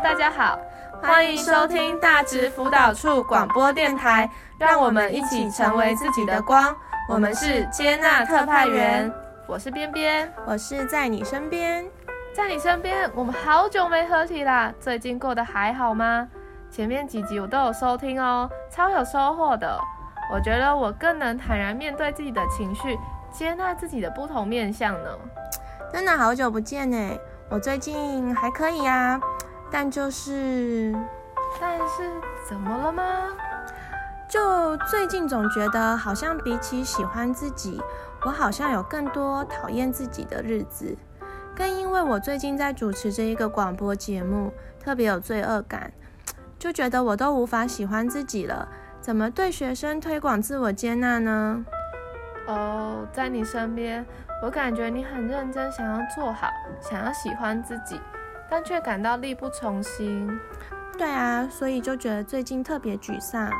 大家好，歡迎收聽大直輔導處廣播電台。讓我們一起成為自己的光。我們是接納特派員，我是邊邊，我是在你身邊，在你身邊。我們好久沒合體啦，最近過得還好嗎？前面幾集我都有收聽哦，超有收穫的。我覺得我更能坦然面對自己的情緒，接納自己的不同面向呢。真的好久不見哎，我最近還可以啊。但就是，但是怎麼了嗎？就最近總覺得好像比起喜歡自己，我好像有更多討厭自己的日子。更因為我最近在主持著一個廣播節目，特別有罪惡感，就覺得我都無法喜歡自己了。怎麼對學生推廣自我接納呢？哦，在你身邊，我感覺你很認真，想要做好，想要喜歡自己。但卻感到力不從心。對啊，所以就覺得最近特別沮喪。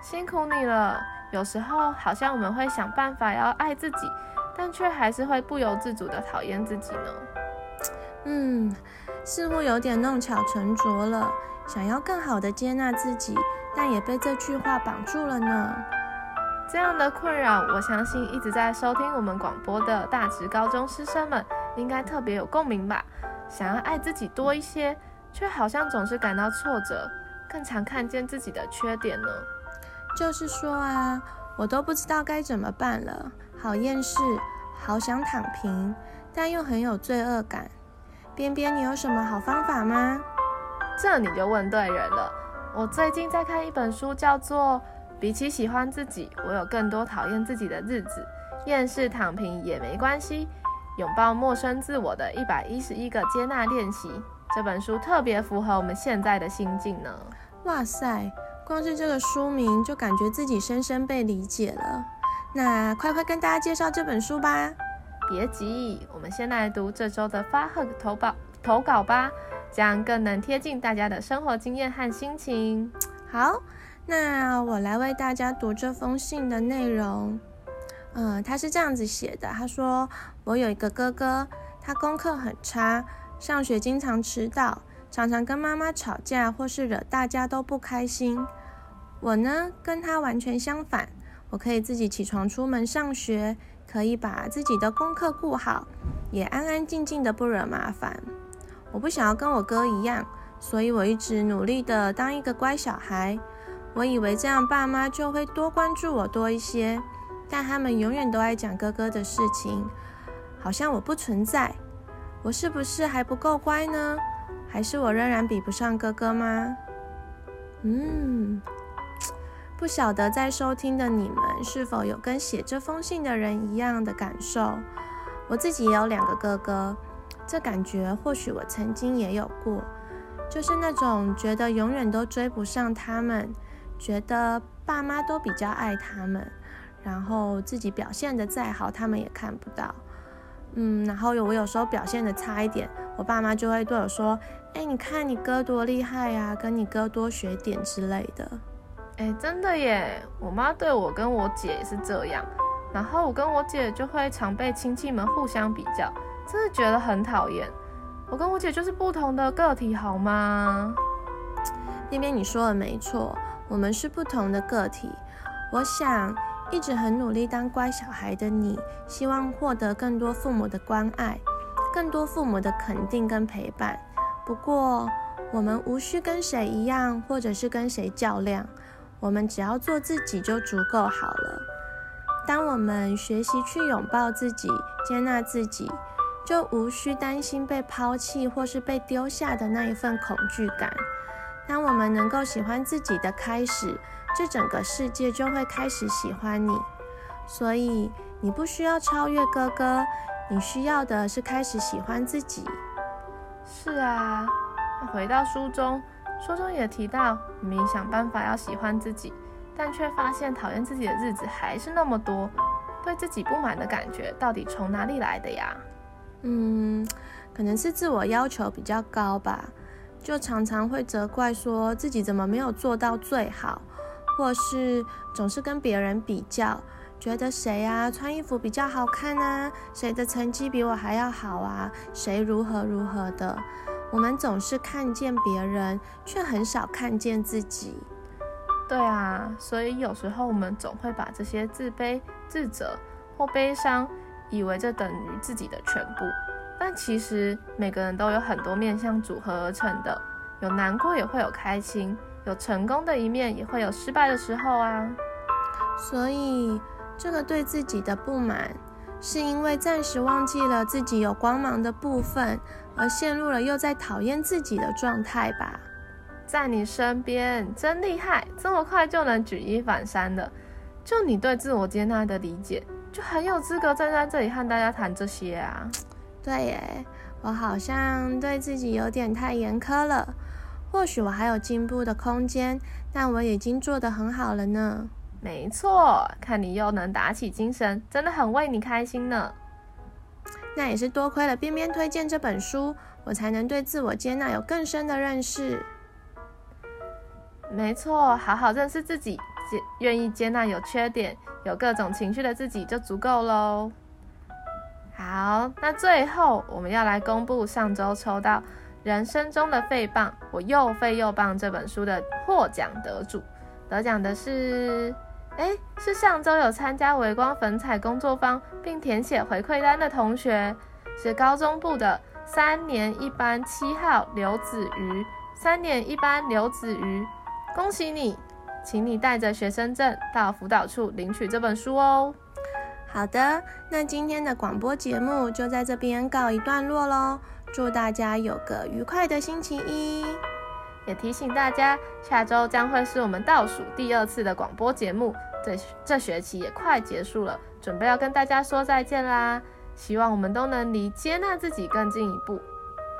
辛苦你了。有時候好像我們會想辦法要愛自己，但卻還是會不由自主的討厭自己呢。嗯，似乎有點弄巧成拙了。想要更好的接納自己，但也被這句話綁住了呢。這樣的困擾，我相信一直在收聽我們廣播的大直高中師生們應該特別有共鳴吧。想要愛自己多一些，卻好像總是感到挫折，更常看見自己的缺點呢。就是說啊，我都不知道該怎麼辦了，好厭世，好想躺平，但又很有罪惡感。邊邊，你有什麼好方法嗎？這你就問對人了。我最近在看一本書，叫做《比起喜歡自己，我有更多討厭自己的日子》，厭世躺平也沒關係。擁抱陌生自我的一百一十一個接納練習，這本書特別符合我們現在的心境呢！哇塞，光是這個書名就感覺自己深深被理解了。那快快跟大家介紹這本書吧。別急，我們先來讀這周的 Far Hug 投稿投稿吧，這樣更能貼近大家的生活經驗和心情。好，那我來為大家讀這封信的內容。嗯，他是這樣子寫的。他說：“我有一個哥哥，他功課很差，上學經常遲到，常常跟媽媽吵架，或是惹大家都不開心。我呢，跟他完全相反。我可以自己起床出門上學，可以把自己的功課顧好，也安安靜靜地不惹麻煩。我不想要跟我哥一樣，所以我一直努力地當一個乖小孩。我以為這樣爸媽就會多關注我多一些。”但他們永遠都愛講哥哥的事情，好像我不存在。我是不是還不夠乖呢？還是我仍然比不上哥哥嗎？嗯，不曉得在收聽的你們是否有跟寫這封信的人一樣的感受。我自己也有兩個哥哥，這感覺或許我曾經也有過，就是那種覺得永遠都追不上他們，覺得爸媽都比較愛他們。然後自己表現的再好，他們也看不到。嗯，然後我有時候表現的差一點，我爸媽就會對我說：“哎，你看你哥多厲害呀，跟你哥多學點之類的。”哎，真的耶，我媽對我跟我姐也是這樣。然後我跟我姐就會常被親戚們互相比較，真的覺得很討厭。我跟我姐就是不同的個體，好嗎？那邊，你說的沒錯，我們是不同的個體。我想。一直很努力當乖小孩的你，希望獲得更多父母的關愛，更多父母的肯定跟陪伴。不過，我們無需跟誰一樣，或者是跟誰較量，我們只要做自己就足夠好了。當我們學習去擁抱自己、接納自己，就無需擔心被拋棄或是被丟下的那一份恐懼感。當我們能夠喜歡自己的開始，這整個世界就會開始喜歡你，所以你不需要超越哥哥，你需要的是開始喜歡自己。是啊，回到書中，書中也提到，你沒想辦法要喜歡自己，但卻發現討厭自己的日子還是那麼多，對自己不滿的感覺到底從哪裡來的呀？嗯，可能是自我要求比較高吧，就常常會責怪說自己怎麼沒有做到最好。或是總是跟別人比較，覺得誰啊穿衣服比較好看啊，誰的成績比我還要好啊，誰如何如何的，我們總是看見別人，卻很少看見自己。對啊，所以有時候我們總會把這些自卑、自責或悲傷，以為這等於自己的全部。但其實每個人都有很多面向組合而成的，有難過也會有開心。有成功的一面，也會有失敗的時候啊。所以，這個對自己的不滿，是因為暫時忘記了自己有光芒的部分，而陷入了又在討厭自己的狀態吧？在你身邊真厲害，這麼快就能舉一反三了。就你對自我接納的理解，就很有資格站在這裡和大家談這些啊。對耶，我好像對自己有點太嚴苛了。或許我還有進步的空間，但我已經做得很好了呢。沒錯，看你又能打起精神，真的很為你開心呢。那也是多虧了編編推薦這本書，我才能對自我接納有更深的認識。沒錯，好好認識自己，接，願意接納有缺點、有各種情緒的自己就足夠嘍。好，那最後我們要來公布上周抽到。人生中的廢棒，我又廢又棒》這本書的獲獎得主，得獎的是，哎、欸，是上周有參加微光粉彩工作坊並填寫回饋單的同學，是高中部的三年一班七號劉子瑜，三年一班劉子瑜，恭喜你，請你帶着學生證到輔導處領取這本書哦。好的，那今天的廣播節目就在這邊告一段落嘍。祝大家有個愉快的星期一！也提醒大家，下周將會是我們倒數第二次的廣播節目。這這學期也快結束了，準備要跟大家說再見啦！希望我們都能離接納自己更近一步。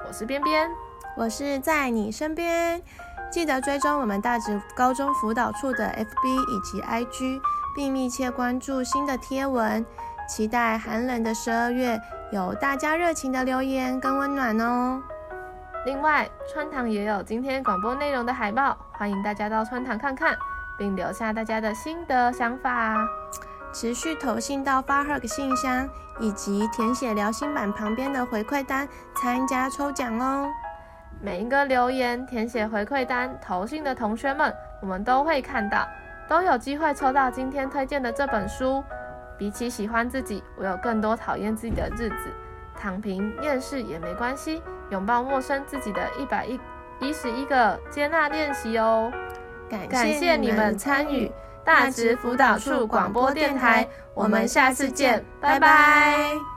我是邊邊，我是在你身邊。記得追蹤我們大直高中輔導處的 FB 以及 IG，並密切關注新的貼文。期待寒冷的十二月。有大家熱情的留言跟溫暖哦。另外，穿堂也有今天廣播內容的海報，歡迎大家到穿堂看看，並留下大家的心得想法。持續投信到 Far Hug 的信箱，以及填寫聊新版旁邊的回饋單，參加抽獎哦。每一個留言、填寫回饋單、投信的同學們，我們都會看到，都有機會抽到今天推薦的這本書。比起喜歡自己，我有更多討厭自己的日子。躺平、厭世也沒關係，擁抱陌生自己的一百一、一十一個接納練習哦。感謝你們參與，們參與大直輔導處廣播，廣播電台，我們下次見，拜拜。拜拜。